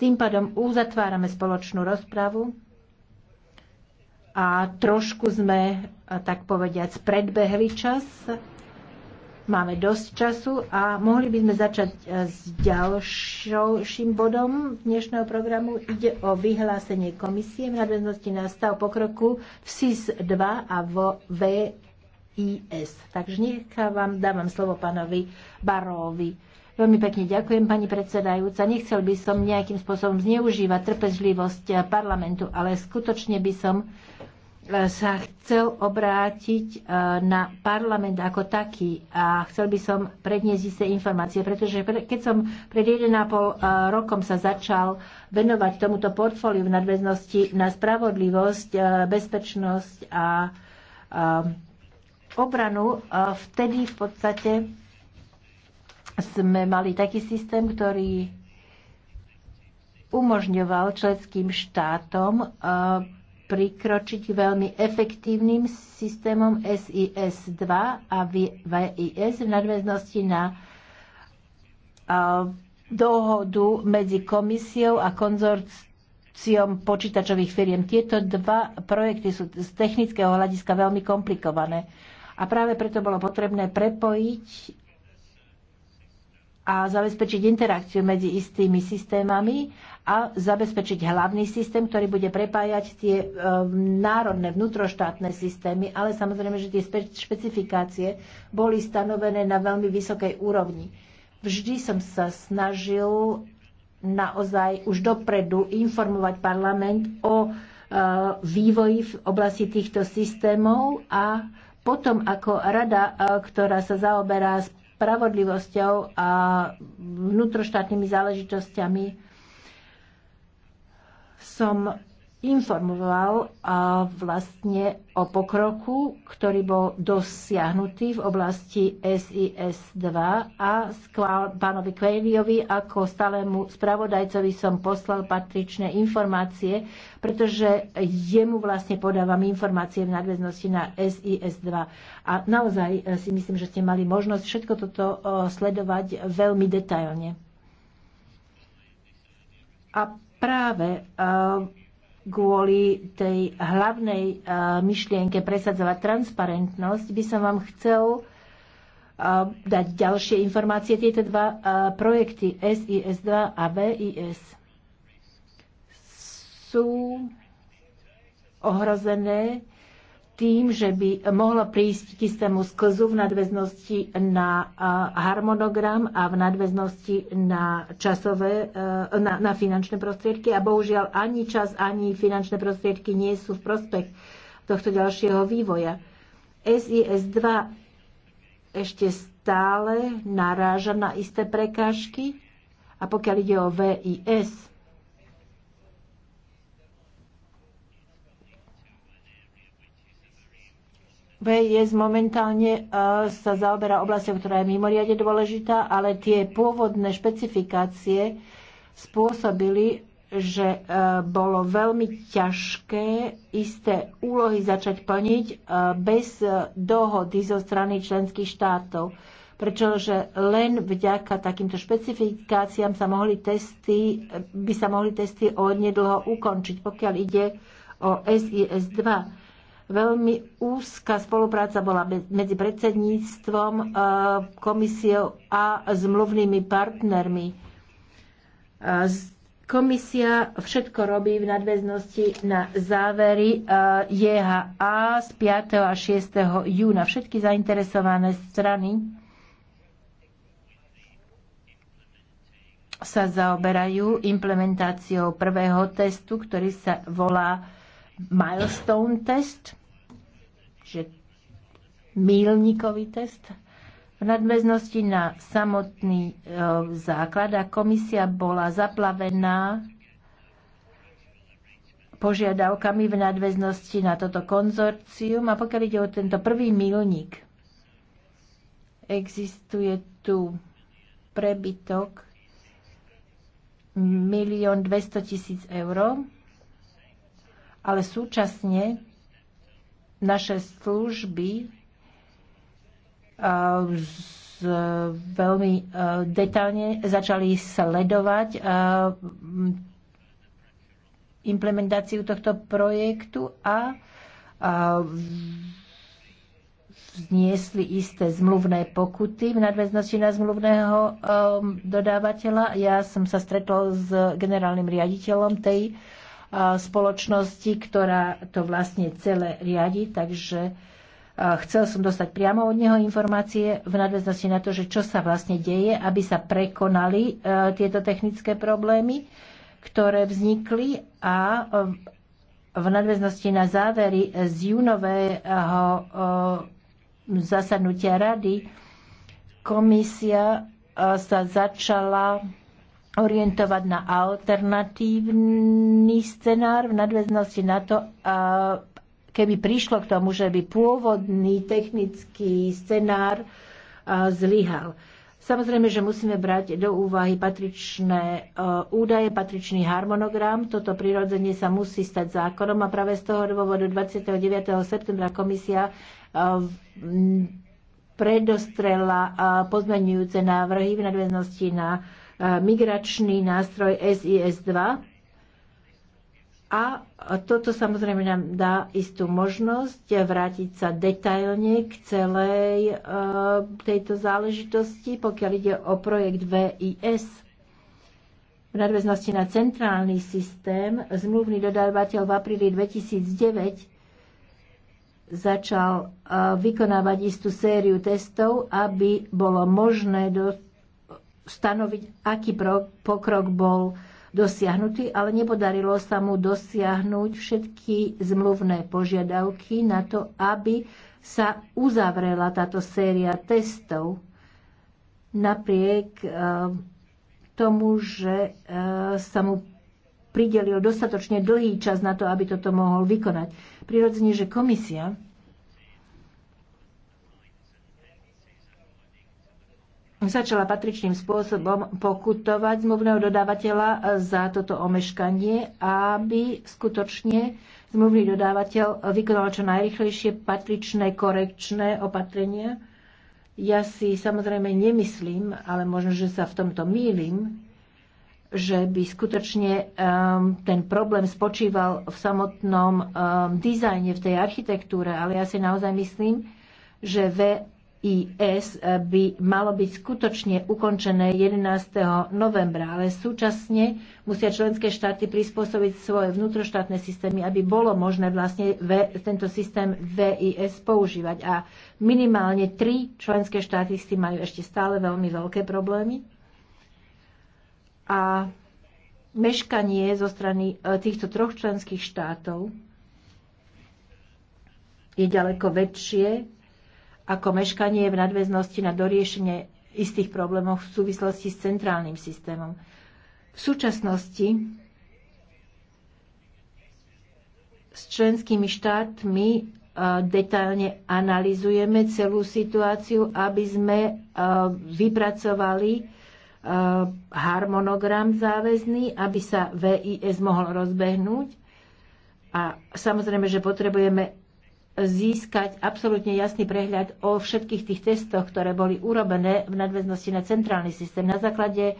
Tým pádom uzatvárame spoločnú rozpravu a trošku sme, tak povediať, predbehli čas. Máme dosť času a mohli by sme začať e, s ďalším bodom dnešného programu. Ide o vyhlásenie komisie v nadväznosti na stav pokroku v SIS-2 a vo VIS. Takže nech vám dávam slovo pánovi Barovi. Veľmi pekne ďakujem, pani predsedajúca. Nechcel by som nejakým spôsobom zneužívať trpezlivosť eh, parlamentu, ale skutočne by som eh, sa chcel obrátiť eh, na parlament ako taký a chcel by som predniesť isté informácie, pretože keď som pred 1,5 rokom sa začal venovať tomuto portfóliu v nadväznosti na spravodlivosť, bezpečnosť a obranu, vtedy v podstate sme mali taký systém, ktorý umožňoval členským štátom e, prikročiť veľmi efektívnym systémom SIS-2 a VIS v nadväznosti na e, dohodu medzi komisiou a konzorciom počítačových firiem. Tieto dva projekty sú z technického hľadiska veľmi komplikované. A práve preto bolo potrebné prepojiť a zabezpečiť interakciu medzi istými systémami a zabezpečiť hlavný systém, ktorý bude prepájať tie e, národné vnútroštátne systémy, ale samozrejme, že tie špecifikácie boli stanovené na veľmi vysokej úrovni. Vždy som sa snažil naozaj už dopredu informovať parlament o e, vývoji v oblasti týchto systémov a potom ako rada, e, ktorá sa zaoberá s spravodlivosťou a vnútroštátnymi záležitosťami som informoval a vlastne o pokroku, ktorý bol dosiahnutý v oblasti SIS-2 a skvál pánovi Kveliovi ako stálemu spravodajcovi som poslal patričné informácie, pretože jemu vlastne podávam informácie v nadväznosti na SIS-2. A naozaj e, si myslím, že ste mali možnosť všetko toto e, sledovať veľmi detailne. A práve e, kvôli tej hlavnej e, myšlienke presadzovať transparentnosť, by som vám chcel e, dať ďalšie informácie. Tieto dva e, projekty SIS-2 a BIS sú ohrozené tým, že by mohlo prísť k istému sklzu v nadväznosti na harmonogram a v nadväznosti na časové, e, na, na finančné prostriedky a bohužiaľ ani čas, ani finančné prostriedky nie sú v prospech tohto ďalšieho vývoja. SIS-2 ešte stále naráža na isté prekážky a pokiaľ ide o VIS, VIS momentálne e, sa zaoberá oblasťou, ktorá je mimoriadne dôležitá, ale tie pôvodné špecifikácie spôsobili, že e, bolo veľmi ťažké isté úlohy začať plniť e, bez dohody zo strany členských štátov, pretože len vďaka takýmto špecifikáciám sa mohli testy, by sa mohli testy onedlho ukončiť, pokiaľ ide o SIS-2 Veľmi úzka spolupráca bola medzi predsedníctvom, e, komisiou a zmluvnými partnermi. E, komisia všetko robí v nadväznosti na závery e, JHA z 5. a 6. júna. Všetky zainteresované strany sa zaoberajú implementáciou prvého testu, ktorý sa volá Milestone test – že mílnikový test v nadväznosti na samotný e, základ a komisia bola zaplavená požiadavkami v nadväznosti na toto konzorcium. A pokiaľ ide o tento prvý milník, existuje tu prebytok 1 200 000 eur, ale súčasne naše služby e, veľmi e, detálne začali sledovať e, implementáciu tohto projektu a vzniesli isté zmluvné pokuty v nadväznosti na zmluvného dodávateľa. Ja som sa stretol s generálnym riaditeľom tej spoločnosti, ktorá to vlastne celé riadi, takže chcel som dostať priamo od neho informácie v nadväznosti na to, že čo sa vlastne deje, aby sa prekonali e, tieto technické problémy, ktoré vznikli a v nadväznosti na závery z júnového e, zasadnutia rady komisia e, sa začala orientovať na alternatívny scenár v nadväznosti na to, keby prišlo k tomu, že by pôvodný technický scenár zlyhal. Samozrejme, že musíme brať do úvahy patričné e, údaje, patričný harmonogram. Toto prirodzenie sa musí stať zákonom a práve z toho dôvodu 29. septembra komisia e, predostrela pozmenujúce návrhy v nadväznosti na migračný nástroj SIS-2. A toto samozrejme nám dá istú možnosť vrátiť sa detailne k celej e, tejto záležitosti, pokiaľ ide o projekt VIS. V nadväznosti na centrálny systém zmluvný dodávateľ v apríli 2009 začal e, vykonávať istú sériu testov, aby bolo možné do stanoviť, aký pokrok bol dosiahnutý, ale nepodarilo sa mu dosiahnuť všetky zmluvné požiadavky na to, aby sa uzavrela táto séria testov napriek eh, tomu, že eh, sa mu pridelil dostatočne dlhý čas na to, aby toto mohol vykonať. Prirodzene, že komisia začala patričným spôsobom pokutovať zmluvného dodávateľa za toto omeškanie, aby skutočne zmluvný dodávateľ vykonal čo najrychlejšie patričné korekčné opatrenia. Ja si samozrejme nemyslím, ale možno, že sa v tomto mýlim, že by skutočne um, ten problém spočíval v samotnom um, dizajne, v tej architektúre, ale ja si naozaj myslím, že ve. IS by malo byť skutočne ukončené 11. novembra, ale súčasne musia členské štáty prispôsobiť svoje vnútroštátne systémy, aby bolo možné vlastne v, tento systém VIS používať. A minimálne tri členské štáty s tým majú ešte stále veľmi veľké problémy. A meškanie zo strany e, týchto troch členských štátov je ďaleko väčšie ako meškanie v nadväznosti na doriešenie istých problémov v súvislosti s centrálnym systémom. V súčasnosti s členskými štátmi e, detailne analizujeme celú situáciu, aby sme e, vypracovali e, harmonogram záväzný, aby sa VIS mohol rozbehnúť. A samozrejme, že potrebujeme získať absolútne jasný prehľad o všetkých tých testoch, ktoré boli urobené v nadväznosti na centrálny systém. Na základe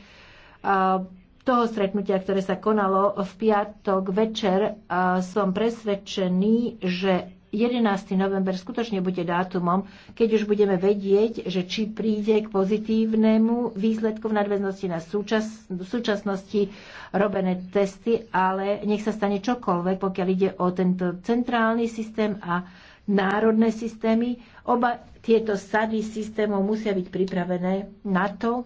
toho stretnutia, ktoré sa konalo v piatok večer, som presvedčený, že 11. november skutočne bude dátumom, keď už budeme vedieť, že či príde k pozitívnemu výsledku v nadväznosti na súčas, v súčasnosti robené testy, ale nech sa stane čokoľvek, pokiaľ ide o tento centrálny systém a národné systémy. Oba tieto sady systémov musia byť pripravené na to,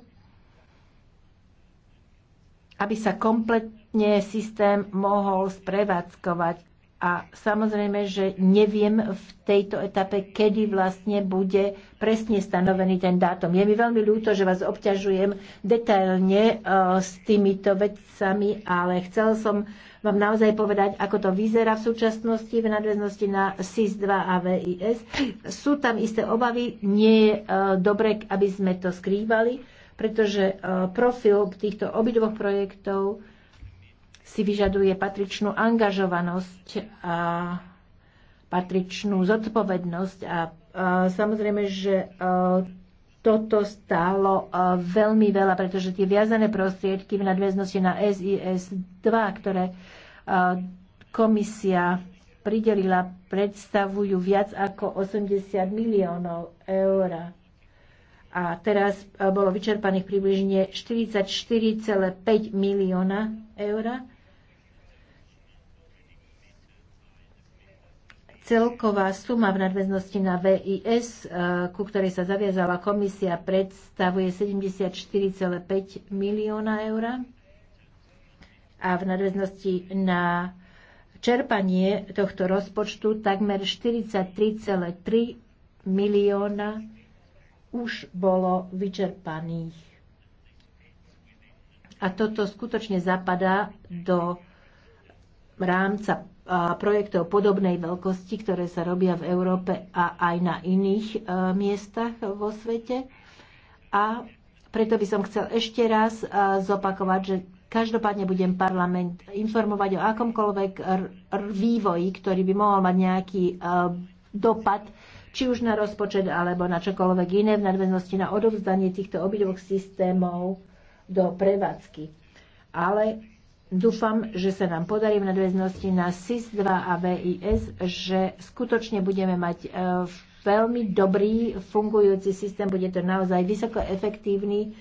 aby sa kompletne systém mohol sprevádzkovať a samozrejme, že neviem v tejto etape, kedy vlastne bude presne stanovený ten dátum. Je mi veľmi ľúto, že vás obťažujem detailne e, s týmito vecami, ale chcel som vám naozaj povedať, ako to vyzerá v súčasnosti v nadväznosti na SIS-2 a VIS. Sú tam isté obavy, nie je e, dobre, aby sme to skrývali, pretože e, profil týchto obidvoch projektov si vyžaduje patričnú angažovanosť a patričnú zodpovednosť a, a samozrejme, že a, e, toto stálo a, e, veľmi veľa, pretože tie viazané prostriedky v nadväznosti na SIS-2, ktoré e, komisia pridelila, predstavujú viac ako 80 miliónov eur a teraz bolo vyčerpaných približne 44,5 milióna eur Celková suma v nadväznosti na VIS, eh, ku ktorej sa zaviazala komisia, predstavuje 74,5 milióna eur a v nadväznosti na čerpanie tohto rozpočtu takmer 43,3 milióna už bolo vyčerpaných. A toto skutočne zapadá do rámca projektov podobnej veľkosti, ktoré sa robia v Európe a aj na iných e, miestach vo svete. A preto by som chcel ešte raz e, zopakovať, že každopádne budem parlament informovať o akomkoľvek vývoji, ktorý by mohol mať nejaký e, dopad či už na rozpočet alebo na čokoľvek iné v nadväznosti na odovzdanie týchto obidvoch systémov do prevádzky. Ale Dúfam, že sa nám podarí v nadväznosti na SIS-2 a VIS, že skutočne budeme mať e, veľmi dobrý fungujúci systém, bude to naozaj vysoko efektívny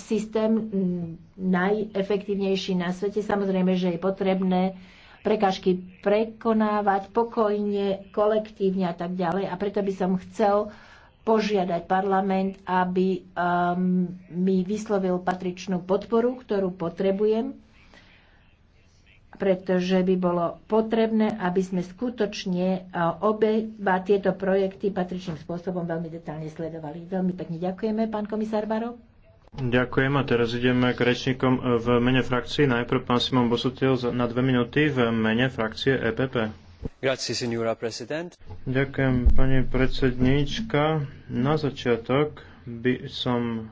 systém, najefektívnejší na svete. Samozrejme, že je potrebné prekážky prekonávať pokojne, kolektívne a tak ďalej. A preto by som chcel požiadať parlament, aby um, mi vyslovil patričnú podporu, ktorú potrebujem pretože by bolo potrebné, aby sme skutočne e, obe tieto projekty patričným spôsobom veľmi detálne sledovali. Veľmi pekne ďakujeme, pán komisár Barov. Ďakujem a teraz ideme k rečníkom v mene frakcii. Najprv pán Simon Bosotil na dve minúty v mene frakcie EPP. Grazie, Ďakujem, pani predsedníčka. Na začiatok by som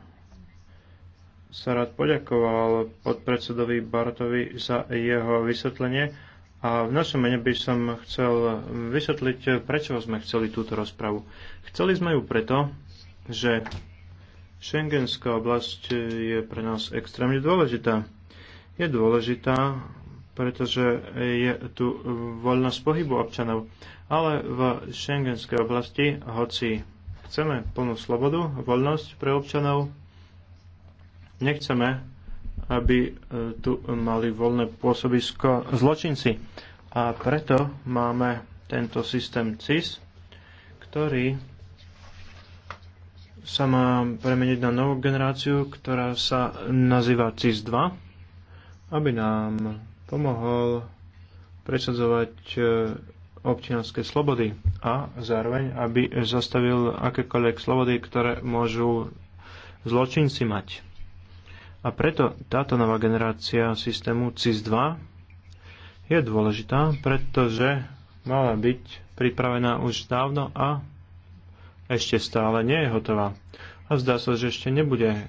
sa rád poďakoval podpredsedovi Bartovi za jeho vysvetlenie a v našom mene by som chcel vysvetliť, prečo sme chceli túto rozpravu. Chceli sme ju preto, že Schengenská oblasť je pre nás extrémne dôležitá. Je dôležitá, pretože je tu voľnosť pohybu občanov. Ale v Schengenskej oblasti, hoci chceme plnú slobodu, voľnosť pre občanov, Nechceme, aby e, tu mali voľné pôsobisko zločinci. A preto máme tento systém CIS, ktorý sa má premeniť na novú generáciu, ktorá sa nazýva CIS-2, aby nám pomohol presadzovať e, občianské slobody a zároveň, aby zastavil akékoľvek slobody, ktoré môžu zločinci mať. A preto táto nová generácia systému CIS-2 je dôležitá, pretože mala byť pripravená už dávno a ešte stále nie je hotová. A zdá sa, že ešte nebude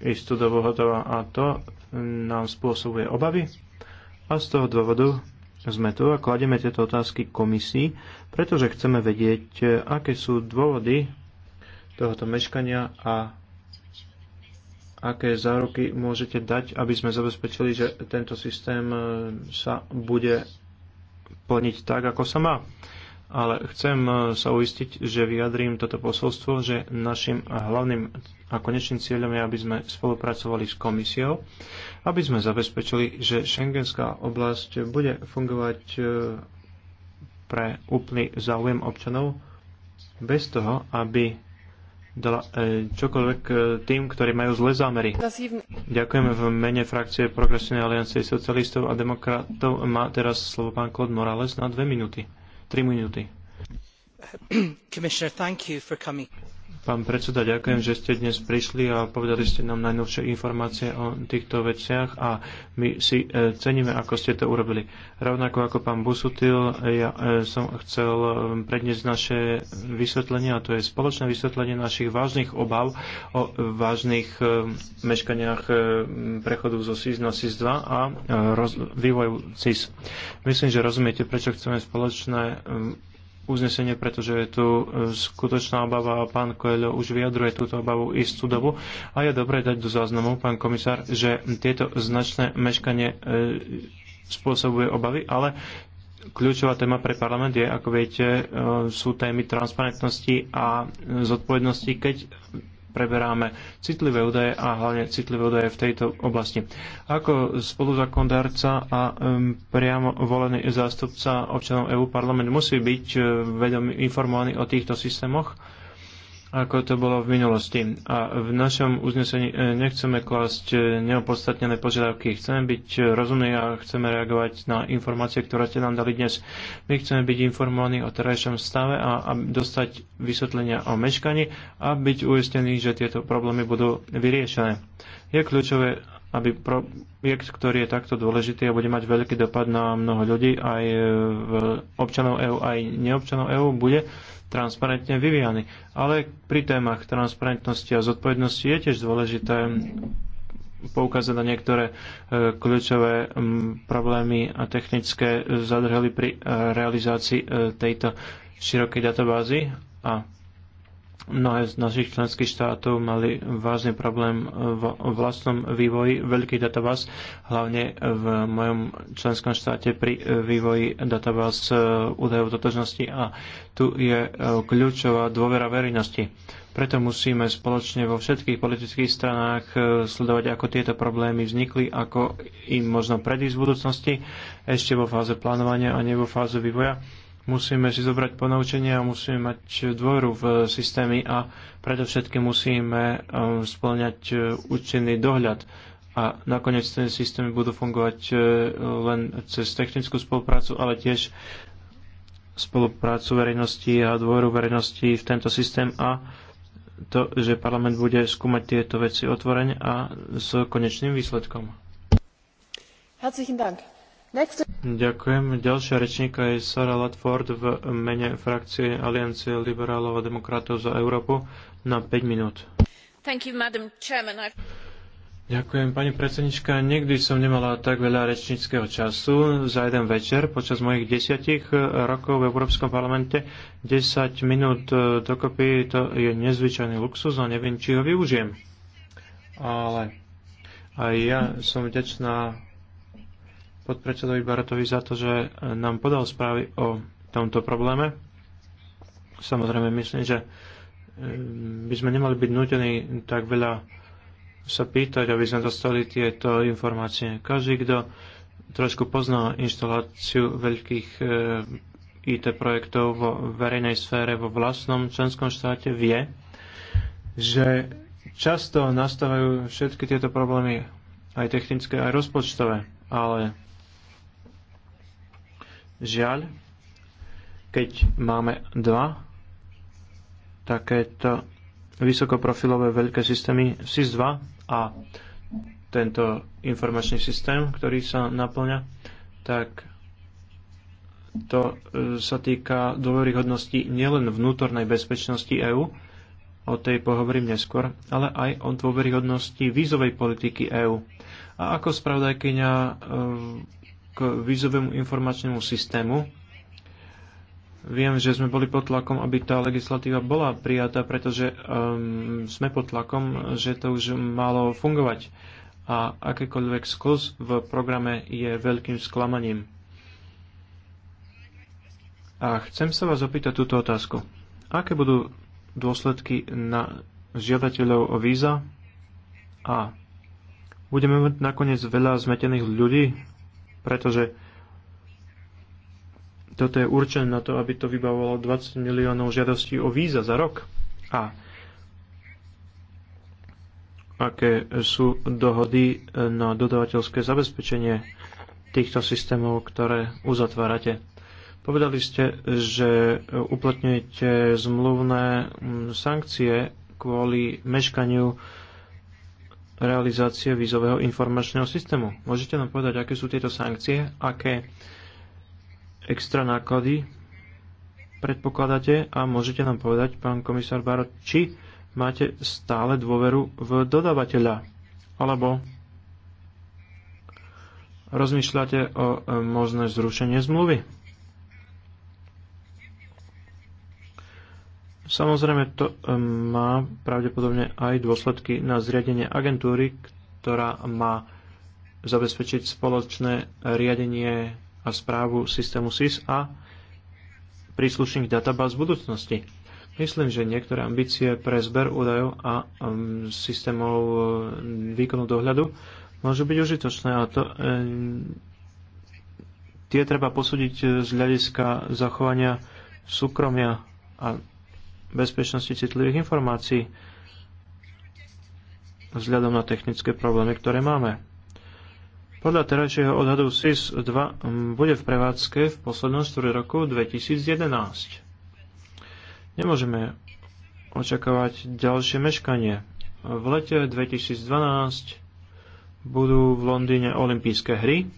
istú dobu hotová a to nám spôsobuje obavy. A z toho dôvodu sme tu a kladieme tieto otázky komisii, pretože chceme vedieť, aké sú dôvody tohoto meškania a aké záruky môžete dať, aby sme zabezpečili, že tento systém e, sa bude plniť tak, ako sa má. Ale chcem e, sa uistiť, že vyjadrím toto posolstvo, že našim hlavným a konečným cieľom je, aby sme spolupracovali s komisiou, aby sme zabezpečili, že šengenská oblasť bude fungovať e, pre úplný záujem občanov bez toho, aby dala e, čokoľvek e, tým, ktorí majú zlé zámery. Ďakujeme v mene frakcie Progresívnej aliancie socialistov a demokratov. Má teraz slovo pán Klod Morales na dve minúty. Tri minúty. Pán predseda, ďakujem, že ste dnes prišli a povedali ste nám najnovšie informácie o týchto veciach a my si e, ceníme, ako ste to urobili. Rovnako ako pán Busutil, ja e, som chcel e, predniesť naše vysvetlenie a to je spoločné vysvetlenie našich vážnych obav o vážnych meškaniach prechodu zo SIS na SIS-2 a vývoju SIS. Myslím, že rozumiete, prečo chceme spoločné uznesenie, pretože je tu e, skutočná obava a pán Koelho už vyjadruje túto obavu istú dobu a je dobré dať do záznamu, pán komisár, že tieto značné meškanie e, spôsobuje obavy, ale kľúčová téma pre parlament je, ako viete, e, sú témy transparentnosti a zodpovednosti, keď preberáme citlivé údaje a hlavne citlivé údaje v tejto oblasti. Ako spoluzakondárca a priamo volený zástupca občanov EU parlament musí byť eh, vedomý, informovaný o týchto systémoch ako to bolo v minulosti. A v našom uznesení e, nechceme klásť e, neopodstatnené požiadavky. Chceme byť rozumní a chceme reagovať na informácie, ktoré ste nám dali dnes. My chceme byť informovaní o terajšom stave a, a dostať vysvetlenia o meškaní a byť uistení, že tieto problémy budú vyriešené. Je kľúčové, aby projekt, ktorý je takto dôležitý a bude mať veľký dopad na mnoho ľudí, aj v občanov EÚ, aj neobčanov EÚ, bude transparentne vyvíjany. Ale pri témach transparentnosti a zodpovednosti je tiež dôležité poukázať na niektoré e, kľúčové problémy a technické zadrhely pri e, realizácii e, tejto širokej databázy a mnohé z našich členských štátov mali vážny problém v vlastnom vývoji veľkých databáz, hlavne v mojom členskom štáte pri vývoji databáz e, údajov totožnosti a tu je e, kľúčová dôvera verejnosti. Preto musíme spoločne vo všetkých politických stranách e, sledovať, ako tieto problémy vznikli, ako im možno predísť v budúcnosti, ešte vo fáze plánovania a nie vo fáze vývoja musíme si zobrať ponaučenie a musíme mať dôveru v systémy a predovšetkým musíme um, splňať uh, účinný dohľad. A nakoniec ten systém budú fungovať uh, len cez technickú spoluprácu, ale tiež spoluprácu verejnosti a dôveru verejnosti v tento systém a to, že parlament bude skúmať tieto veci otvorene a s konečným výsledkom. Herzlichen Dank. Next... Ďakujem. Ďalšia rečníka je Sara Latford v mene frakcie Aliancie liberálov a demokratov za Európu na 5 minút. Thank you, Madam Chairman. I... Ďakujem, pani predsednička. Nikdy som nemala tak veľa rečníckého času za jeden večer počas mojich desiatich rokov v Európskom parlamente. 10 minút dokopy to je nezvyčajný luxus a neviem, či ho využijem. Ale aj ja som vďačná podpredsedovi Baratovi za to, že e, nám podal správy o tomto probléme. Samozrejme, myslím, že e, by sme nemali byť nutení tak veľa sa pýtať, aby sme dostali tieto informácie. Každý, kto trošku pozná inštaláciu veľkých e, IT projektov vo verejnej sfére vo vlastnom členskom štáte, vie, že často nastávajú všetky tieto problémy, aj technické, aj rozpočtové, ale Žiaľ, keď máme dva takéto vysokoprofilové veľké systémy SIS-2 a tento informačný systém, ktorý sa naplňa, tak to e, sa týka dôveryhodnosti nielen vnútornej bezpečnosti EÚ, o tej pohovorím neskôr, ale aj o dôveryhodnosti vízovej politiky EÚ. A ako spravodajkyňa e, k vízovému informačnému systému. Viem, že sme boli pod tlakom, aby tá legislatíva bola prijatá, pretože um, sme pod tlakom, že to už malo fungovať. A akýkoľvek skús v programe je veľkým sklamaním. A chcem sa vás opýtať túto otázku. Aké budú dôsledky na žiadateľov o víza? A budeme mať nakoniec veľa zmetených ľudí, pretože toto je určené na to, aby to vybavovalo 20 miliónov žiadostí o víza za rok. A aké sú dohody na dodavateľské zabezpečenie týchto systémov, ktoré uzatvárate. Povedali ste, že uplatňujete zmluvné sankcie kvôli meškaniu realizácie vízového informačného systému. Môžete nám povedať, aké sú tieto sankcie, aké extra náklady predpokladáte a môžete nám povedať, pán komisár Baro, či máte stále dôveru v dodávateľa, alebo rozmýšľate o e, možné zrušenie zmluvy. Samozrejme, to e, má pravdepodobne aj dôsledky na zriadenie agentúry, ktorá má zabezpečiť spoločné riadenie a správu systému SIS a príslušných databáz v budúcnosti. Myslím, že niektoré ambície pre zber údajov a um, systémov e, výkonu dohľadu môžu byť užitočné a to, um, tie treba posúdiť z hľadiska zachovania súkromia a bezpečnosti citlivých informácií vzhľadom na technické problémy, ktoré máme. Podľa terajšieho odhadu SIS-2 bude v prevádzke v poslednom štvrť roku 2011. Nemôžeme očakávať ďalšie meškanie. V lete 2012 budú v Londýne olympijské hry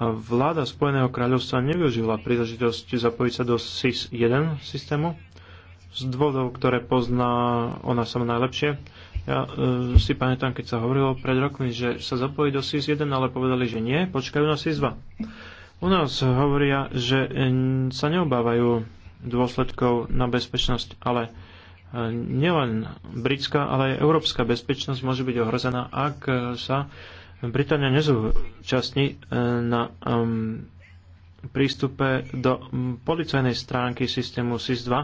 vláda Spojeného kráľovstva nevyužila príležitosť zapojiť sa do SIS-1 systému z dôvodov, ktoré pozná ona sama najlepšie. Ja e, si pamätám, keď sa hovorilo pred rokmi, že sa zapojí do SIS-1, ale povedali, že nie, počkajú na SIS-2. U nás hovoria, že e, sa neobávajú dôsledkov na bezpečnosť, ale e, nielen britská, ale aj európska bezpečnosť môže byť ohrozená, ak e, sa e, Británia nezúčastní e, na prístupe do policajnej stránky systému SIS-2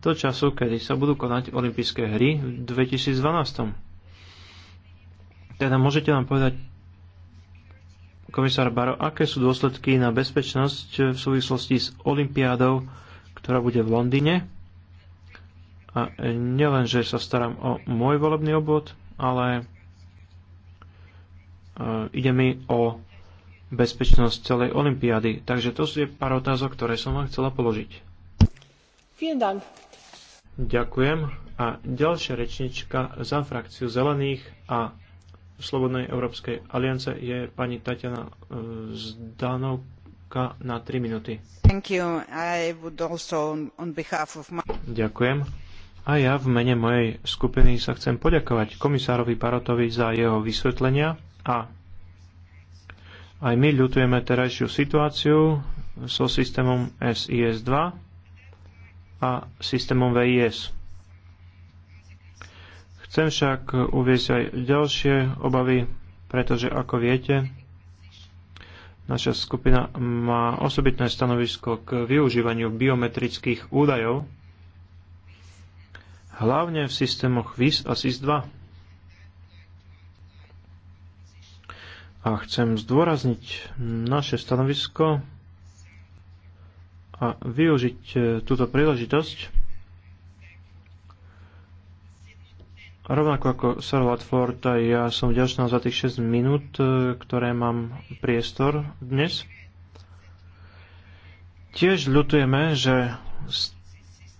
do času, kedy sa budú konať olympijské hry v 2012. Teda môžete nám povedať, komisár Baro, aké sú dôsledky na bezpečnosť v súvislosti s olympiádou, ktorá bude v Londýne? A e, nielen, že sa starám o môj volebný obvod, ale E, ide mi o bezpečnosť celej olympiády. Takže to sú je pár otázok, ktoré som vám chcela položiť. Vielen Ďakujem. A ďalšia rečnička za frakciu Zelených a Slobodnej Európskej aliance je pani Tatiana e, Zdanovka na 3 minúty. My... Ďakujem. A ja v mene mojej skupiny sa chcem poďakovať komisárovi Parotovi za jeho vysvetlenia a aj my ľutujeme terajšiu situáciu so systémom SIS-2 a systémom VIS. Chcem však uvieť aj ďalšie obavy, pretože ako viete, naša skupina má osobitné stanovisko k využívaniu biometrických údajov, hlavne v systémoch VIS a SIS-2. a chcem zdôrazniť naše stanovisko a využiť e, túto príležitosť. Rovnako ako Sir Watford, aj ja som vďačná za tých 6 minút, e, ktoré mám priestor dnes. Tiež ľutujeme, že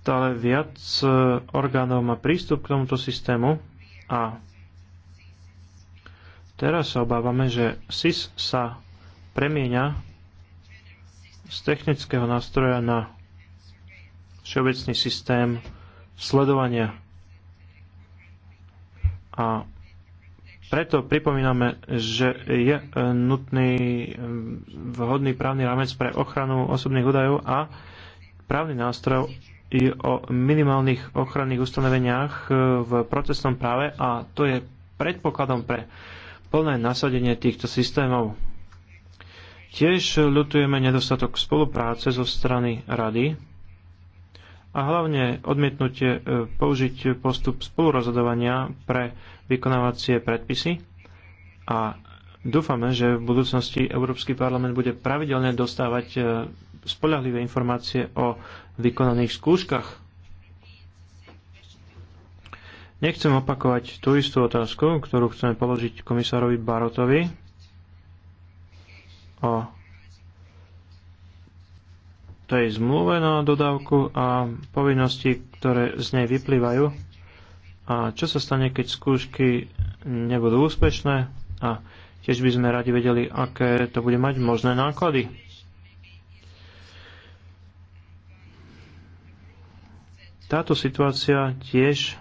stále viac e, orgánov má prístup k tomuto systému a Teraz sa obávame, že SIS sa premieňa z technického nástroja na všeobecný systém sledovania. A preto pripomíname, že je e, nutný e, vhodný právny rámec pre ochranu osobných údajov a právny nástroj i o minimálnych ochranných ustanoveniach e, v procesnom práve a to je predpokladom pre plné nasadenie týchto systémov. Tiež ľutujeme nedostatok spolupráce zo strany Rady a hlavne odmietnutie e, použiť postup spolurozhodovania pre vykonávacie predpisy a dúfame, že v budúcnosti Európsky parlament bude pravidelne dostávať e, spolahlivé informácie o vykonaných skúškach Nechcem opakovať tú istú otázku, ktorú chceme položiť komisárovi Barotovi o tej zmluve na dodávku a povinnosti, ktoré z nej vyplývajú. A čo sa stane, keď skúšky nebudú úspešné? A tiež by sme radi vedeli, aké to bude mať možné náklady. Táto situácia tiež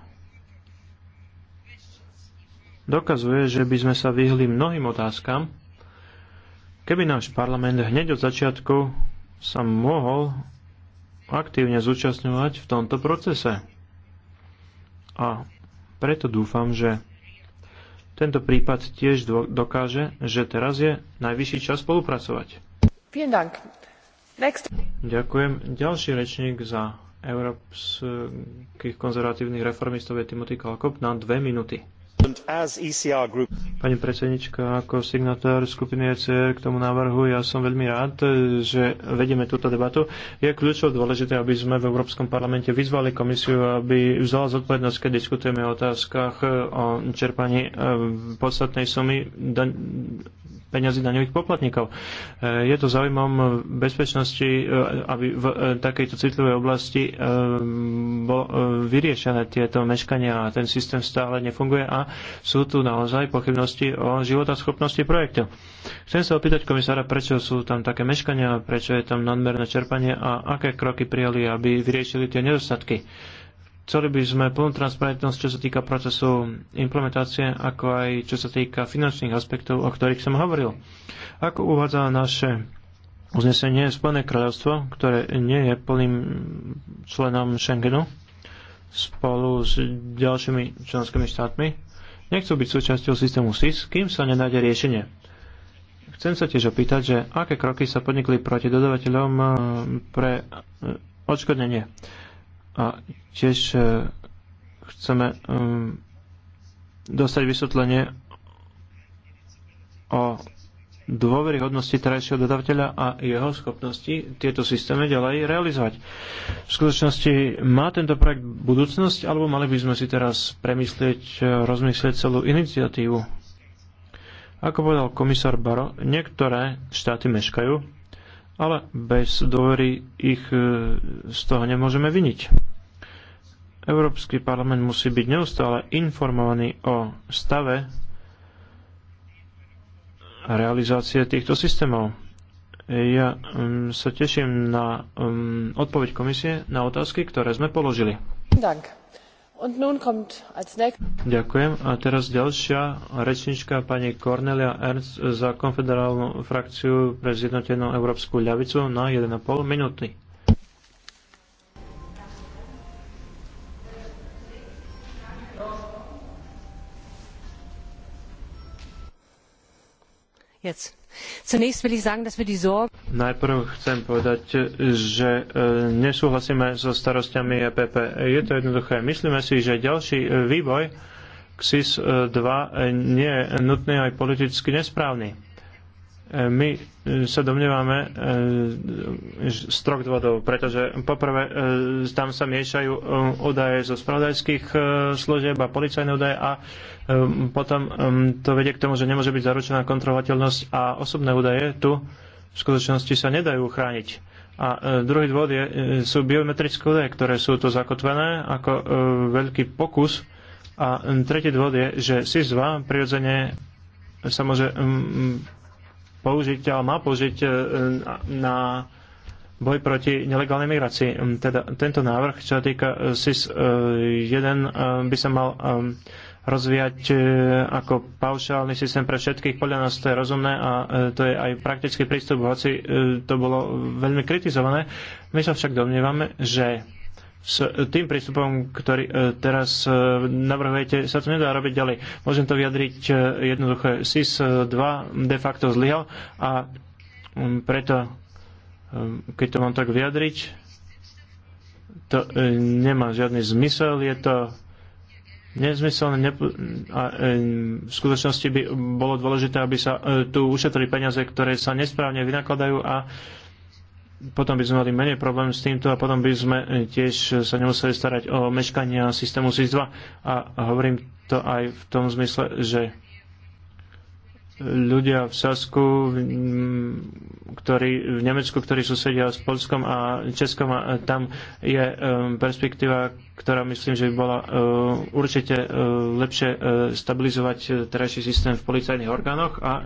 dokazuje, že by sme sa vyhli mnohým otázkam, keby náš parlament hneď od začiatku sa mohol aktívne zúčastňovať v tomto procese. A preto dúfam, že tento prípad tiež dokáže, že teraz je najvyšší čas spolupracovať. Ďakujem. Ďalší rečník za európskych konzervatívnych reformistov je Timothy Kalkop na dve minúty. E Pani predsednička, ako signatár skupiny ECR k tomu návrhu, ja som veľmi rád, že vedieme túto debatu. Je kľúčov dôležité, aby sme v Európskom parlamente vyzvali komisiu, aby vzala zodpovednosť, keď diskutujeme o otázkach eh, o čerpaní eh, podstatnej sumy peňazí daňových poplatníkov. E, je to zaujímavom bezpečnosti, e, aby v e, takejto citlivej oblasti bolo vyriešené tieto meškania a ten systém stále nefunguje a sú tu naozaj pochybnosti o životaschopnosti projektu. Chcem sa opýtať komisára, prečo sú tam také meškania, prečo je tam nadmerné čerpanie a aké kroky prijali, aby vyriešili tie nedostatky. Chceli by sme plnú transparentnosť, čo sa týka procesu implementácie, ako aj čo sa týka finančných aspektov, o ktorých som hovoril. Ako uvádza naše uznesenie Spojené kráľovstvo, ktoré nie je plným členom Schengenu, spolu s ďalšími členskými štátmi, nechcú byť súčasťou systému SIS, kým sa nenájde riešenie. Chcem sa tiež opýtať, že aké kroky sa podnikli proti dodavateľom eh, pre eh, odškodnenie. A tiež e, chceme um, dostať vysvetlenie o dôveryhodnosti terajšieho dodavateľa a jeho schopnosti tieto systémy ďalej realizovať. V skutočnosti má tento projekt budúcnosť, alebo mali by sme si teraz premyslieť, e, rozmyslieť celú iniciatívu? Ako povedal komisár Baro, niektoré štáty meškajú, ale bez dôvery ich e, z toho nemôžeme vyniť. Európsky parlament musí byť neustále informovaný o stave realizácie týchto systémov. Ja um, sa teším na um, odpoveď komisie na otázky, ktoré sme položili. Ďakujem. Ďakujem. A teraz ďalšia rečnička pani Cornelia Ernst za konfederálnu frakciu pre zjednotenú európsku ľavicu na 1,5 minúty. Jetzt. Zunächst will ich sagen, dass wir die Najprv chcem povedať, že e, nesúhlasíme so starostiami EPP. Je to jednoduché. Myslíme si, že ďalší e, vývoj KSIS-2 e, nie je nutný aj politicky nesprávny my e, sa domnievame e, z troch dôvodov, pretože poprvé e, tam sa miešajú údaje zo spravodajských služieb a policajné údaje a potom to vedie k tomu, že nemôže byť zaručená kontrolovateľnosť a osobné údaje tu v skutočnosti sa nedajú chrániť. A druhý dôvod je, sú biometrické údaje, ktoré sú tu zakotvené ako veľký pokus. A tretí dôvod je, že SIS-2 prirodzene sa môže použiť a má použiť e, na boj proti nelegálnej migrácii. Mm, teda tento návrh, čo sa týka e, SIS-1, e, by sa mal rozvíjať ako paušálny systém pre všetkých. Podľa nás to je rozumné a to je aj praktický prístup, hoci to bolo veľmi kritizované. My sa však domnievame, že s tým prístupom, ktorý e, teraz e, navrhujete, sa to nedá robiť ďalej. Môžem to vyjadriť e, jednoduché. SIS 2 de facto zlyhal a mm, preto, keď to mám tak vyjadriť, to nemá žiadny zmysel, je to nezmyselné a v skutočnosti by bolo dôležité, aby sa tu ušetrili peniaze, ktoré sa nesprávne vynakladajú a potom by sme mali menej problém s týmto a potom by sme eh, tiež eh, sa nemuseli starať o meškania systému SIS-2 a hovorím to aj v tom zmysle, že ľudia v Sasku, ktorí, v Nemecku, ktorí susedia s Polskom a Českom a tam je um, perspektíva, ktorá myslím, že by bola uh, určite uh, lepšie uh, stabilizovať terajší systém v policajných orgánoch a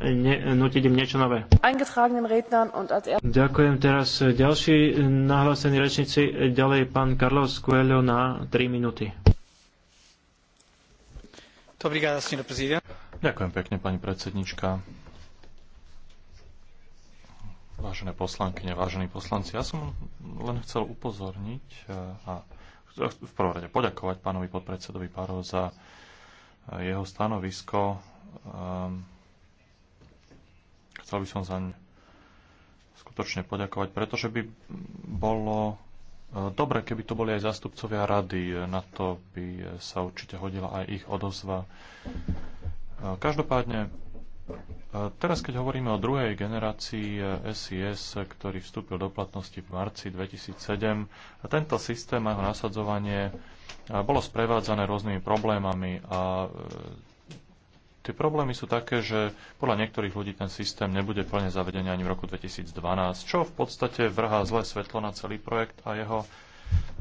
nutiť im niečo nové. Er- Ďakujem teraz ďalší nahlásení rečníci. Ďalej pán Carlos Coelho na 3 minúty. Dobrý Obrigado, senhor prezident. Ďakujem pekne, pani predsednička. Vážené poslankyne, vážení poslanci, ja som len chcel upozorniť e, a v prvom rade poďakovať pánovi podpredsedovi Paro za e, jeho stanovisko. Ehm, chcel by som zaň skutočne poďakovať, pretože by bolo e, dobre, keby to boli aj zástupcovia rady. Na to by sa určite hodila aj ich odozva. Každopádne, teraz keď hovoríme o druhej generácii SIS, e, ktorý vstúpil do platnosti v marci 2007, tento systém a jeho nasadzovanie e, bolo sprevádzané rôznymi problémami a e, tie problémy sú také, že podľa niektorých ľudí ten systém nebude plne zavedený ani v roku 2012, čo v podstate vrhá zlé svetlo na celý projekt a jeho,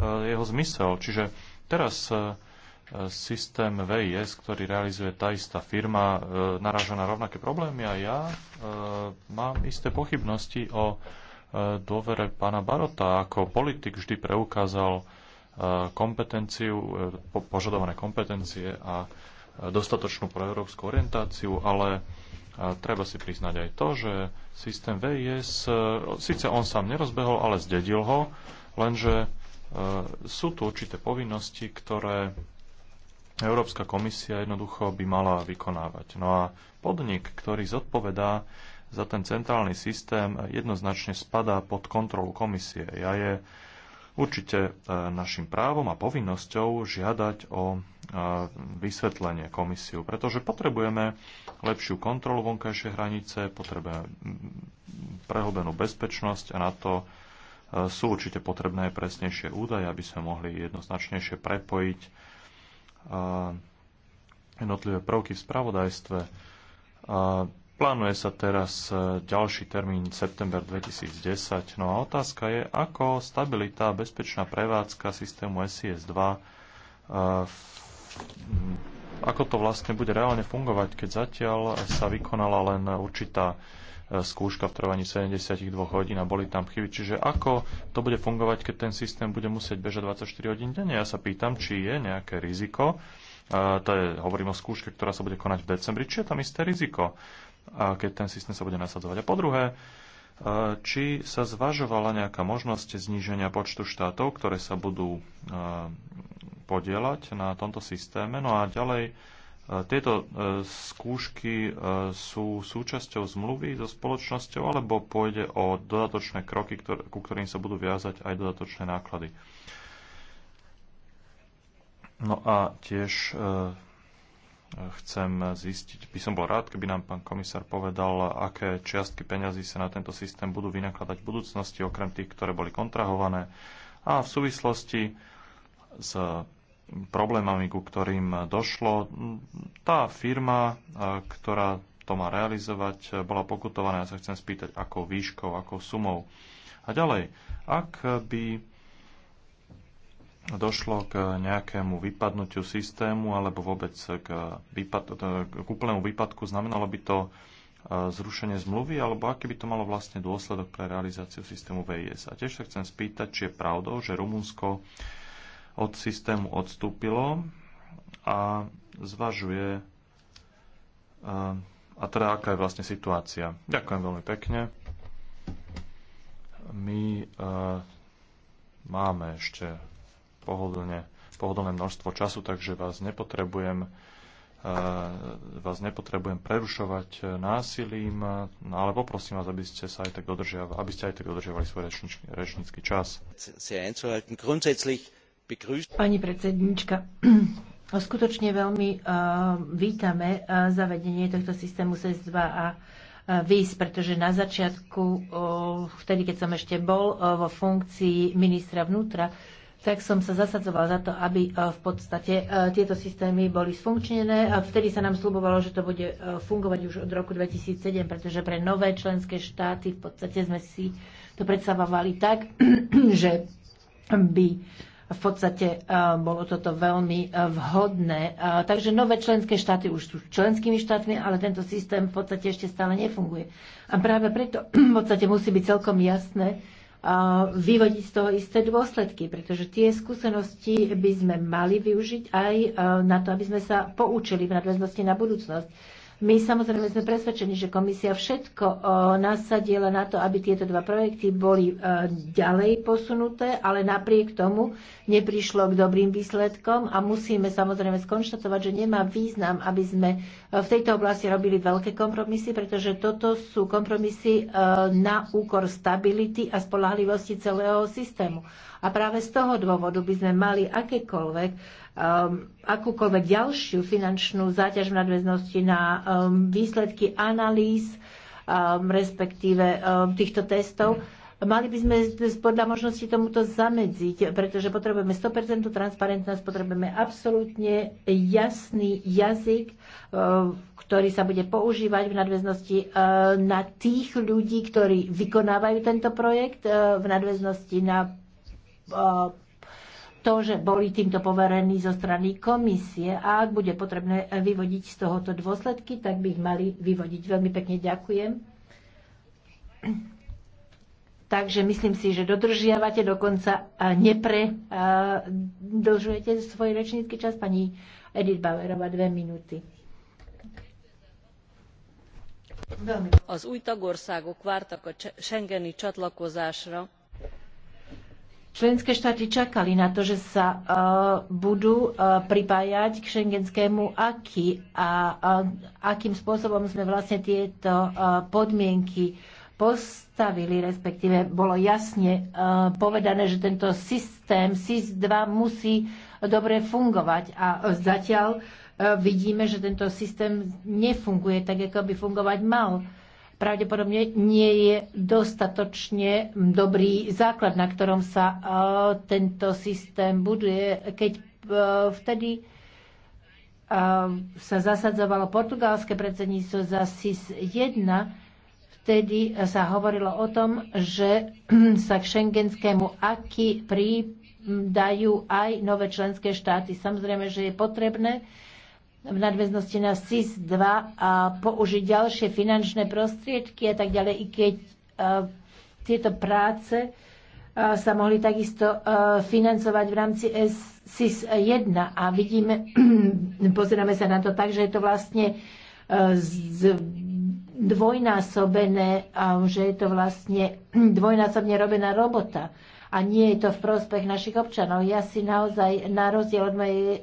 jeho zmysel. Čiže teraz systém VIS, ktorý realizuje tá istá firma, e, naráža na rovnaké problémy a ja e, mám isté pochybnosti o e, dôvere pána Barota. Ako politik vždy preukázal kompetenciu, požadované kompetencie a dostatočnú proeurópsku orientáciu, ale treba si priznať aj to, že systém VIS, síce on sám nerozbehol, ale zdedil ho, lenže sú tu určité povinnosti, ktoré Európska komisia jednoducho by mala vykonávať. No a podnik, ktorý zodpovedá za ten centrálny systém, jednoznačne spadá pod kontrolu komisie. Ja je určite e, našim právom a povinnosťou žiadať o e, vysvetlenie komisiu, pretože potrebujeme lepšiu kontrolu vonkajšej hranice, potrebujeme mm, prehlbenú bezpečnosť a na to e, sú určite potrebné presnejšie údaje, aby sme mohli jednoznačnejšie prepojiť a jednotlivé prvky v spravodajstve. A plánuje sa teraz e, ďalší termín september 2010. No a otázka je, ako stabilita a bezpečná prevádzka systému SIS-2 e, ako to vlastne bude reálne fungovať, keď zatiaľ sa vykonala len určitá E, skúška v trvaní 72 hodín a boli tam chyby. Čiže ako to bude fungovať, keď ten systém bude musieť bežať 24 hodín denne? Ja sa pýtam, či je nejaké riziko, e, to je, hovorím o skúške, ktorá sa bude konať v decembri, či je tam isté riziko, e, keď ten systém sa bude nasadzovať. A po druhé, či sa zvažovala nejaká možnosť zníženia počtu štátov, ktoré sa budú podielať na tomto systéme. No a ďalej, E, tieto e, skúšky e, sú súčasťou zmluvy so spoločnosťou, alebo pôjde o dodatočné kroky, ku ktorým sa budú viazať aj dodatočné náklady. No a tiež chcem zistiť, by som bol rád, keby nám pán komisár povedal, aké čiastky peňazí sa na tento systém budú vynakladať v budúcnosti, okrem tých, ktoré boli kontrahované. A v súvislosti s problémami, ku ktorým došlo. Tá firma, e, ktorá to má realizovať, e, bola pokutovaná, ja sa chcem spýtať, akou výškou, akou sumou. A ďalej, ak by došlo k nejakému vypadnutiu systému alebo vôbec k, výpad, e, k úplnému výpadku, znamenalo by to zrušenie zmluvy, alebo aký by to malo vlastne dôsledok pre realizáciu systému VIS. A tiež sa chcem spýtať, či je pravdou, že Rumunsko od systému odstúpilo a zvažuje, e, a teda aká je vlastne situácia. Ďakujem veľmi pekne. My e, máme ešte pohodlne, pohodlné množstvo času, takže vás nepotrebujem e, vás nepotrebujem prerušovať násilím, no ale poprosím vás, aby ste, sa aj tak dodržiavali, aby ste aj tak dodržiavali svoj rečnícky čas. Pani predsednička, skutočne veľmi eh, vítame eh, zavedenie tohto systému SES-2 a eh, VIS, pretože na začiatku, vtedy keď som ešte bol vo funkcii ministra vnútra, tak som sa zasadzoval za to, aby v podstate tieto systémy boli sfunkčnené. Vtedy sa nám slubovalo, že to bude fungovať už od roku 2007, pretože pre nové členské štáty v podstate sme si to predstavovali tak, že by v podstate eh, bolo toto veľmi eh, vhodné. Eh, takže nové členské štáty už sú členskými štátmi, ale tento systém v podstate ešte stále nefunguje. A práve preto v podstate musí byť celkom jasné vyvodiť z toho isté dôsledky, pretože tie skúsenosti by sme mali využiť aj na to, aby sme sa poučili v nadväznosti na budúcnosť. My samozrejme sme presvedčení, že komisia všetko e, nasadila na to, aby tieto dva projekty boli e, ďalej posunuté, ale napriek tomu neprišlo k dobrým výsledkom a musíme samozrejme skonštatovať, že nemá význam, aby sme e, v tejto oblasti robili veľké kompromisy, pretože toto sú kompromisy na úkor stability a spolahlivosti celého systému. A práve z toho dôvodu by sme mali akékoľvek um, akúkoľvek ďalšiu finančnú záťaž v nadväznosti na um, výsledky analýz, um, respektíve um, týchto testov. Mali by sme podľa možnosti tomuto zamedziť, pretože potrebujeme 100% transparentnosť, potrebujeme absolútne jasný jazyk, um, ktorý sa bude používať v nadväznosti uh, na tých ľudí, ktorí vykonávajú tento projekt, uh, v nadväznosti na uh, to, že boli týmto poverení zo strany komisie a ak bude potrebné vyvodiť z tohoto dôsledky, tak by ich mali vyvodiť. Veľmi pekne ďakujem. Takže myslím si, že dodržiavate, dokonca nepredlžujete svoj rečnícky čas. Pani Edith Bauerová, dve minúty. Az új tagországok vártak a schengeni csatlakozásra, Členské štáty čakali na to, že sa uh, budú uh, pripájať k šengenskému aký a uh, akým spôsobom sme vlastne tieto uh, podmienky postavili, respektíve bolo jasne uh, povedané, že tento systém SIS-2 musí dobre fungovať a zatiaľ uh, vidíme, že tento systém nefunguje tak, ako by fungovať mal. Uh, pravdepodobne nie je dostatočne dobrý základ, na ktorom sa e, tento systém buduje. Keď e, vtedy e, sa zasadzovalo portugalské predsedníctvo za SIS-1, vtedy sa hovorilo o tom, že sa k šengenskému aky pridajú aj nové členské štáty. Samozrejme, že je potrebné v nadväznosti na SIS-2 a použiť ďalšie finančné prostriedky a tak ďalej, i keď e, tieto práce e, sa mohli takisto e, financovať v rámci SIS-1 a vidíme, pozeráme sa na to tak, že je to vlastne dvojnásobené a že je to vlastne dvojnásobne robená robota a nie je to v prospech našich občanov. Ja si naozaj, na rozdiel od mojej uh,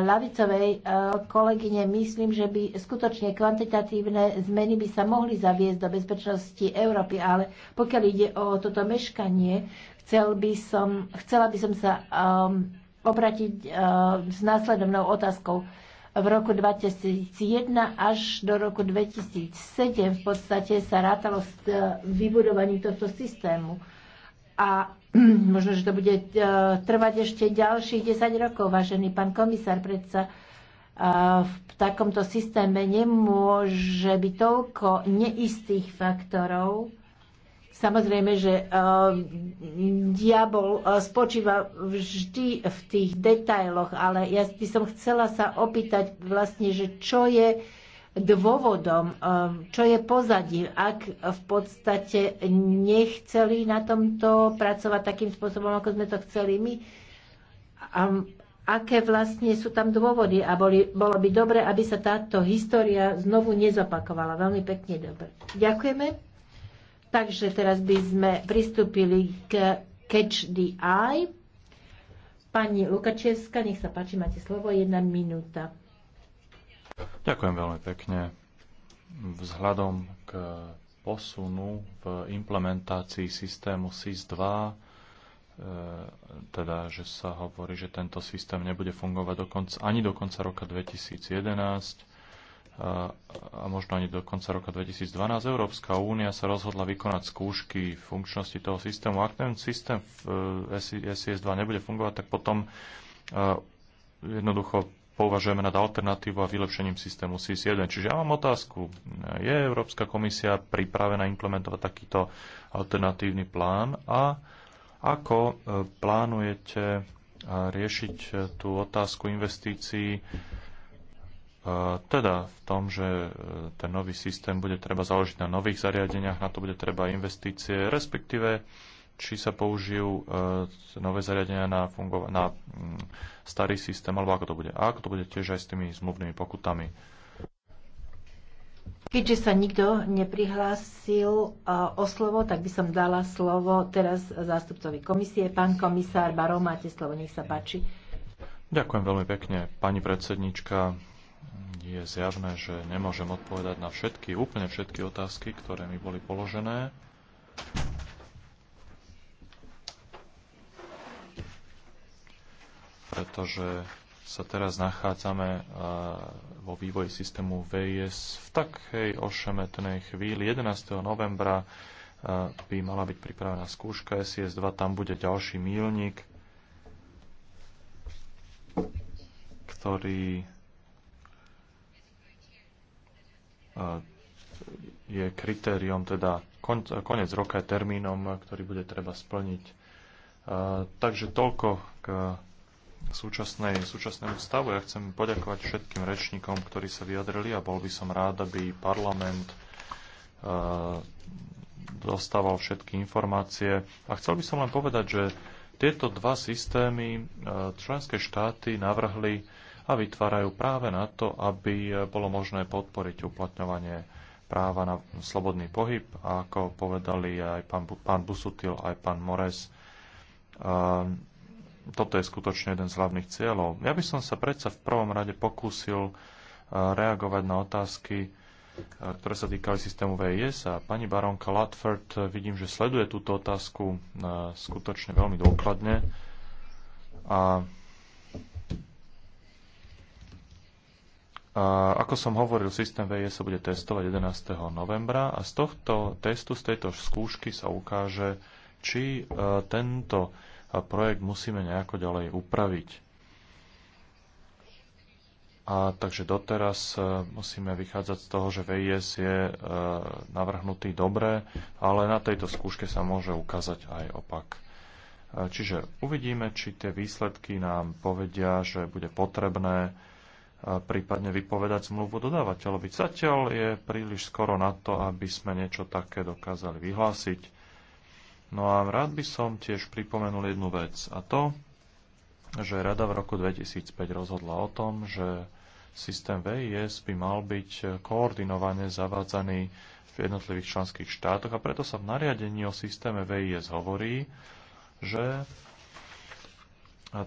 lavicovej uh, kolegyne, myslím, že by skutočne kvantitatívne zmeny by sa mohli zaviesť do bezpečnosti Európy, ale pokiaľ ide o toto meškanie, chcel by som, chcela by som sa um, obratiť uh, s následovnou otázkou. V roku 2001 až do roku 2007 v podstate sa rátalo s uh, vybudovaním tohto systému. A Mm, možno, že to bude eh, trvať ešte ďalších 10 rokov, vážený pán komisár, predsa eh, v takomto systéme nemôže byť toľko neistých faktorov. Samozrejme, že eh, diabol spočíva vždy v tých detailoch, ale ja by som chcela sa opýtať vlastne, že čo je dôvodom, eh, čo je pozadí, ak v podstate nechceli na tomto pracovať takým spôsobom, ako sme to chceli my. A aké vlastne sú tam dôvody a boli, bolo by dobre, aby sa táto história znovu nezopakovala. Veľmi pekne dobre. Ďakujeme. Takže teraz by sme pristúpili k Catch the Eye. Pani Lukačevská, nech sa páči, máte slovo, jedna minúta. Ďakujem veľmi pekne. Vzhľadom k posunu v implementácii systému SIS-2, e, teda, že sa hovorí, že tento systém nebude fungovať do konca, ani do konca roka 2011 e, a, možno ani do konca roka 2012. Európska únia sa rozhodla vykonať skúšky funkčnosti toho systému. Ak ten systém e, SIS-2 nebude fungovať, tak potom jednoducho pouvažujeme nad alternatívou a vylepšením systému SIS-1. Čiže ja mám otázku. Je Európska komisia pripravená implementovať takýto alternatívny plán a ako e, plánujete e, riešiť e, tú otázku investícií, teda v tom, že ten nový systém bude treba založiť na nových zariadeniach, na to bude treba investície, respektíve či sa použijú e, nové zariadenia na, fungova- na mm, starý systém, alebo ako to bude. A ako to bude tiež aj s tými zmluvnými pokutami. Keďže sa nikto neprihlásil e, o slovo, tak by som dala slovo teraz zástupcovi komisie. Pán komisár Baro, máte slovo, nech sa páči. Ďakujem veľmi pekne, pani predsednička. Je zjavné, že nemôžem odpovedať na všetky, úplne všetky otázky, ktoré mi boli položené. pretože sa teraz nachádzame e, vo vývoji systému VIS v takej ošemetnej chvíli. 11. novembra e, by mala byť pripravená skúška SIS-2, tam bude ďalší mílnik, ktorý e, je kritériom, teda koniec roka je termínom, ktorý bude treba splniť. Takže toľko k súčasnej, súčasnému stavu. Ja chcem poďakovať všetkým rečníkom, ktorí sa vyjadrili a bol by som rád, aby parlament eh, dostával všetky informácie. A chcel by som len povedať, že tieto dva systémy eh, členské štáty navrhli a vytvárajú práve na to, aby eh, bolo možné podporiť uplatňovanie práva na slobodný pohyb. A ako povedali aj pán, pán Busutil, aj pán Mores, toto je skutočne jeden z hlavných cieľov. Ja by som sa predsa v prvom rade pokúsil e, reagovať na otázky, e, ktoré sa týkali systému VIS a pani baronka Latford e, vidím, že sleduje túto otázku skutočne veľmi dôkladne a A ako som hovoril, systém VE sa bude testovať 11. novembra a z tohto testu, z tejto skúšky sa ukáže, či tento projekt musíme nejako ďalej upraviť. A takže doteraz e, musíme vychádzať z toho, že VIS je e, navrhnutý dobre, ale na tejto skúške sa môže ukázať aj opak. E, čiže uvidíme, či tie výsledky nám povedia, že bude potrebné prípadne vypovedať zmluvu dodávateľovi. Zatiaľ je príliš skoro na to, aby sme niečo také dokázali vyhlásiť. No a rád by som tiež pripomenul jednu vec a to, že Rada v roku 2005 rozhodla o tom, že systém VIS by mal byť koordinovane zavádzaný v jednotlivých členských štátoch a preto sa v nariadení o systéme VIS hovorí, že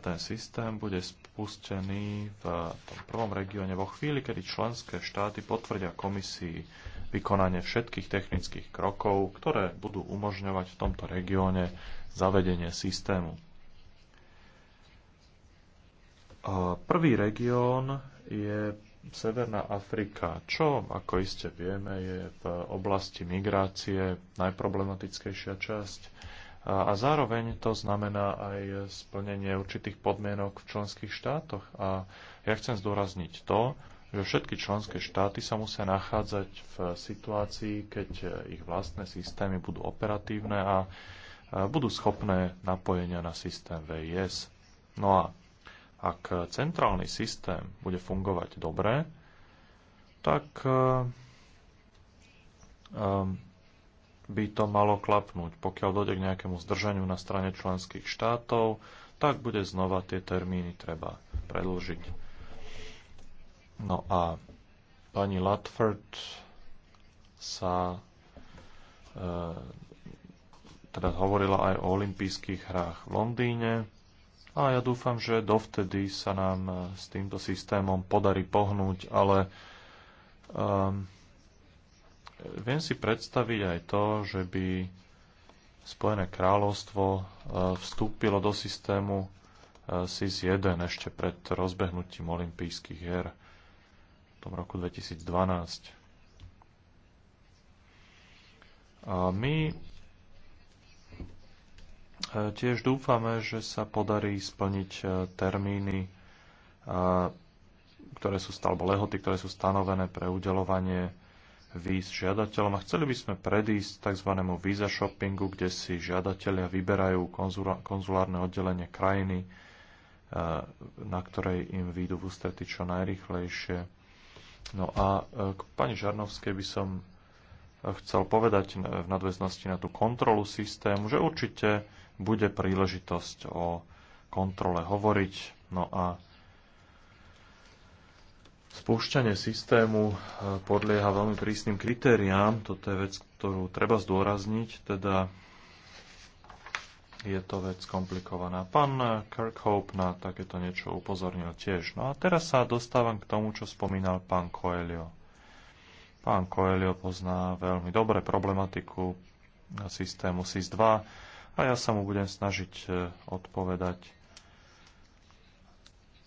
ten systém bude spustený v tom prvom regióne vo chvíli, kedy členské štáty potvrdia komisii vykonanie všetkých technických krokov, ktoré budú umožňovať v tomto regióne zavedenie systému. Prvý región je Severná Afrika, čo, ako iste vieme, je v oblasti migrácie najproblematickejšia časť a zároveň to znamená aj splnenie určitých podmienok v členských štátoch. A ja chcem zdôrazniť to, že všetky členské štáty sa musia nachádzať v situácii, keď e, ich vlastné systémy budú operatívne a e, budú schopné napojenia na systém VIS. No a ak centrálny systém bude fungovať dobre, tak e, by to malo klapnúť. Pokiaľ dojde k nejakému zdržaniu na strane členských štátov, tak bude znova tie termíny treba predlžiť. No a pani Latford sa e, teda hovorila aj o olympijských hrách v Londýne a ja dúfam, že dovtedy sa nám e, s týmto systémom podarí pohnúť, ale e, viem si predstaviť aj to, že by Spojené kráľovstvo e, vstúpilo do systému e, SIS-1 ešte pred rozbehnutím olympijských hier tom roku 2012. A my e, tiež dúfame, že sa podarí splniť e, termíny, e, ktoré sú, alebo lehoty, ktoré sú stanovené pre udelovanie víz žiadateľom a chceli by sme predísť tzv. víza shoppingu, kde si žiadatelia vyberajú konzulárne oddelenie krajiny, na ktorej im výjdu v ústrety čo najrychlejšie. No a e, k pani Žarnovskej by som e, chcel povedať v nadväznosti na tú kontrolu systému, že určite bude príležitosť o kontrole hovoriť. No a spúšťanie systému e, podlieha veľmi prísnym kritériám. Toto je vec, ktorú treba zdôrazniť. Teda je to vec komplikovaná. Pán Kirkhope na takéto niečo upozornil tiež. No a teraz sa dostávam k tomu, čo spomínal pán Coelho. Pán Coelho pozná veľmi dobre problematiku systému SIS-2 a ja sa mu budem snažiť e, odpovedať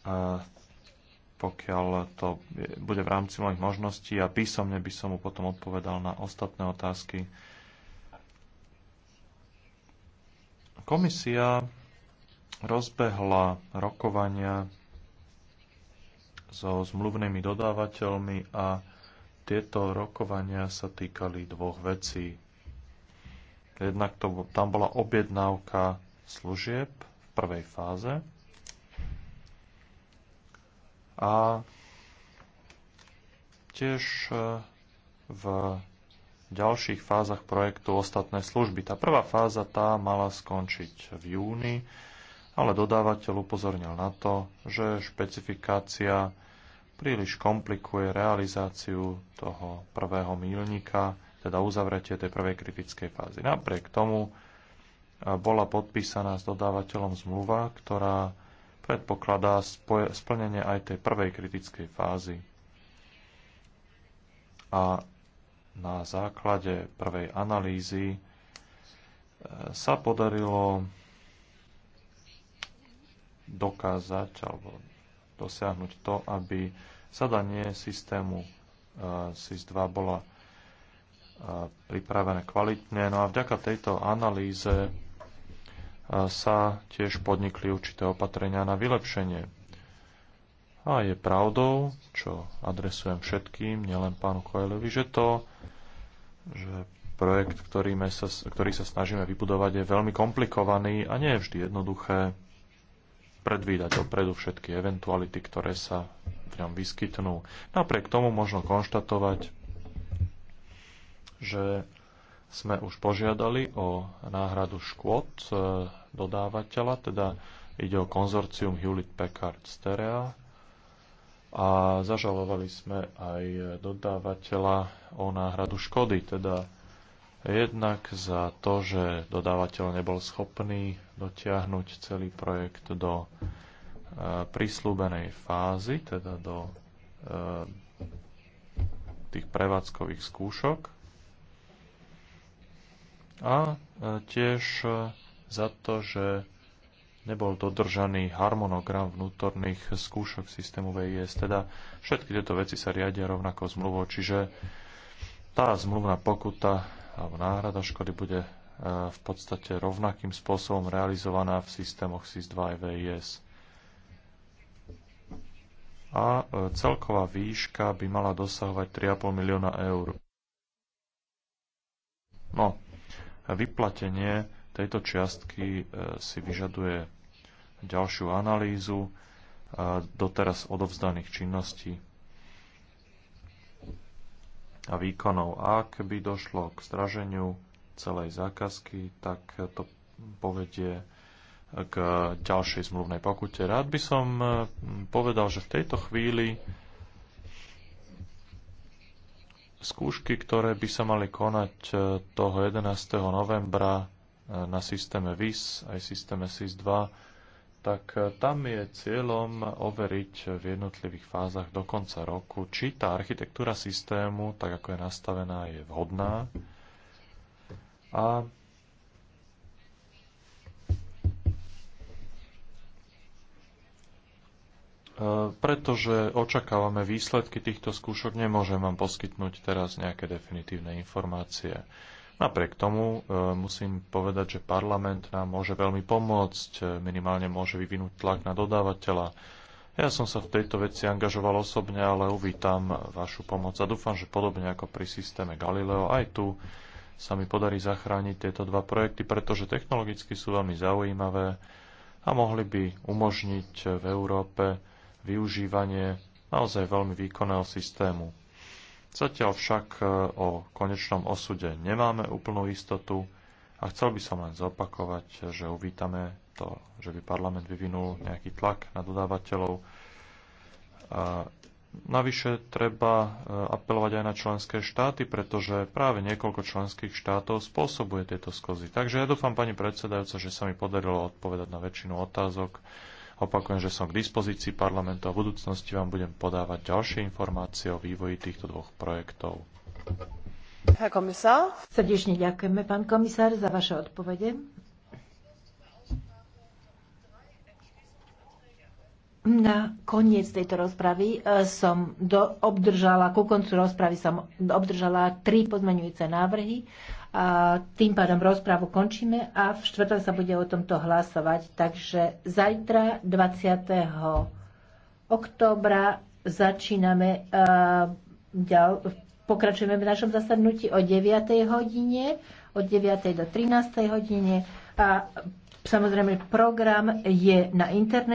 a pokiaľ to bude v rámci mojich možností a písomne by som mu potom odpovedal na ostatné otázky. Komisia rozbehla rokovania so zmluvnými dodávateľmi a tieto rokovania sa týkali dvoch vecí. Jednak to, tam bola objednávka služieb v prvej fáze a tiež eh, v ďalších fázach projektu ostatné služby. Tá prvá fáza tá mala skončiť v júni, ale dodávateľ upozornil na to, že špecifikácia príliš komplikuje realizáciu toho prvého mílnika, teda uzavretie tej prvej kritickej fázy. Napriek tomu e, bola podpísaná s dodávateľom zmluva, ktorá predpokladá splnenie aj tej prvej kritickej fázy. A na základe prvej analýzy e, sa podarilo dokázať alebo dosiahnuť to, aby zadanie systému e, SIS-2 bola e, pripravené kvalitne. No a vďaka tejto analýze sa tiež podnikli určité opatrenia na vylepšenie a je pravdou, čo adresujem všetkým, nielen pánu Koelovi, že to, že projekt, ktorý, sa, ktorý sa snažíme vybudovať, je veľmi komplikovaný a nie je vždy jednoduché predvídať dopredu všetky eventuality, ktoré sa v ňom vyskytnú. Napriek tomu možno konštatovať, že sme už požiadali o náhradu škôd e, dodávateľa, teda ide o konzorcium Hewlett Packard Stereo, a zažalovali sme aj dodávateľa o náhradu škody, teda jednak za to, že dodávateľ nebol schopný dotiahnuť celý projekt do e, prislúbenej fázy, teda do e, tých prevádzkových skúšok a e, tiež za to, že nebol dodržaný harmonogram vnútorných skúšok systému VIS. Teda všetky tieto veci sa riadia rovnako zmluvou, čiže tá zmluvná pokuta alebo náhrada škody bude e, v podstate rovnakým spôsobom realizovaná v systémoch SIS-2 a VIS. A e, celková výška by mala dosahovať 3,5 milióna eur. No, vyplatenie tejto čiastky e, si vyžaduje ďalšiu analýzu doteraz odovzdaných činností a výkonov. Ak by došlo k straženiu celej zákazky, tak to povedie k ďalšej zmluvnej pokute. Rád by som e, povedal, že v tejto chvíli skúšky, ktoré by sa mali konať e, toho 11. novembra e, na systéme VIS aj systéme SIS-2, tak e, tam je cieľom overiť v jednotlivých fázach do konca roku, či tá architektúra systému, tak ako je nastavená, je vhodná. A e, pretože očakávame výsledky týchto skúšok, nemôžem vám poskytnúť teraz nejaké definitívne informácie. Napriek tomu e, musím povedať, že parlament nám môže veľmi pomôcť, e, minimálne môže vyvinúť tlak na dodávateľa. Ja som sa v tejto veci angažoval osobne, ale uvítam vašu pomoc a dúfam, že podobne ako pri systéme Galileo, aj tu sa mi podarí zachrániť tieto dva projekty, pretože technologicky sú veľmi zaujímavé a mohli by umožniť v Európe využívanie naozaj veľmi výkonného systému. Zatiaľ však e, o konečnom osude nemáme úplnú istotu a chcel by som len zopakovať, že uvítame to, že by parlament vyvinul nejaký tlak na dodávateľov. A e, navyše treba e, apelovať aj na členské štáty, pretože práve niekoľko členských štátov spôsobuje tieto skozy. Takže ja dúfam, pani predsedajúca, že sa mi podarilo odpovedať na väčšinu otázok Opakujem, že som k dispozícii parlamentu a v budúcnosti vám budem podávať ďalšie informácie o vývoji týchto dvoch projektov. Herr komisár. Srdečne ďakujeme, pán komisár, za vaše odpovede. Na koniec tejto rozpravy e, som do, obdržala, ku koncu rozpravy som obdržala tri pozmeňujúce návrhy a tým pádom rozprávu končíme a v štvrtok sa bude o tomto hlasovať. Takže zajtra 20. októbra začíname ďal, pokračujeme v našom zasadnutí o 9. hodine, od 9. do 13. hodine a samozrejme program je na internete.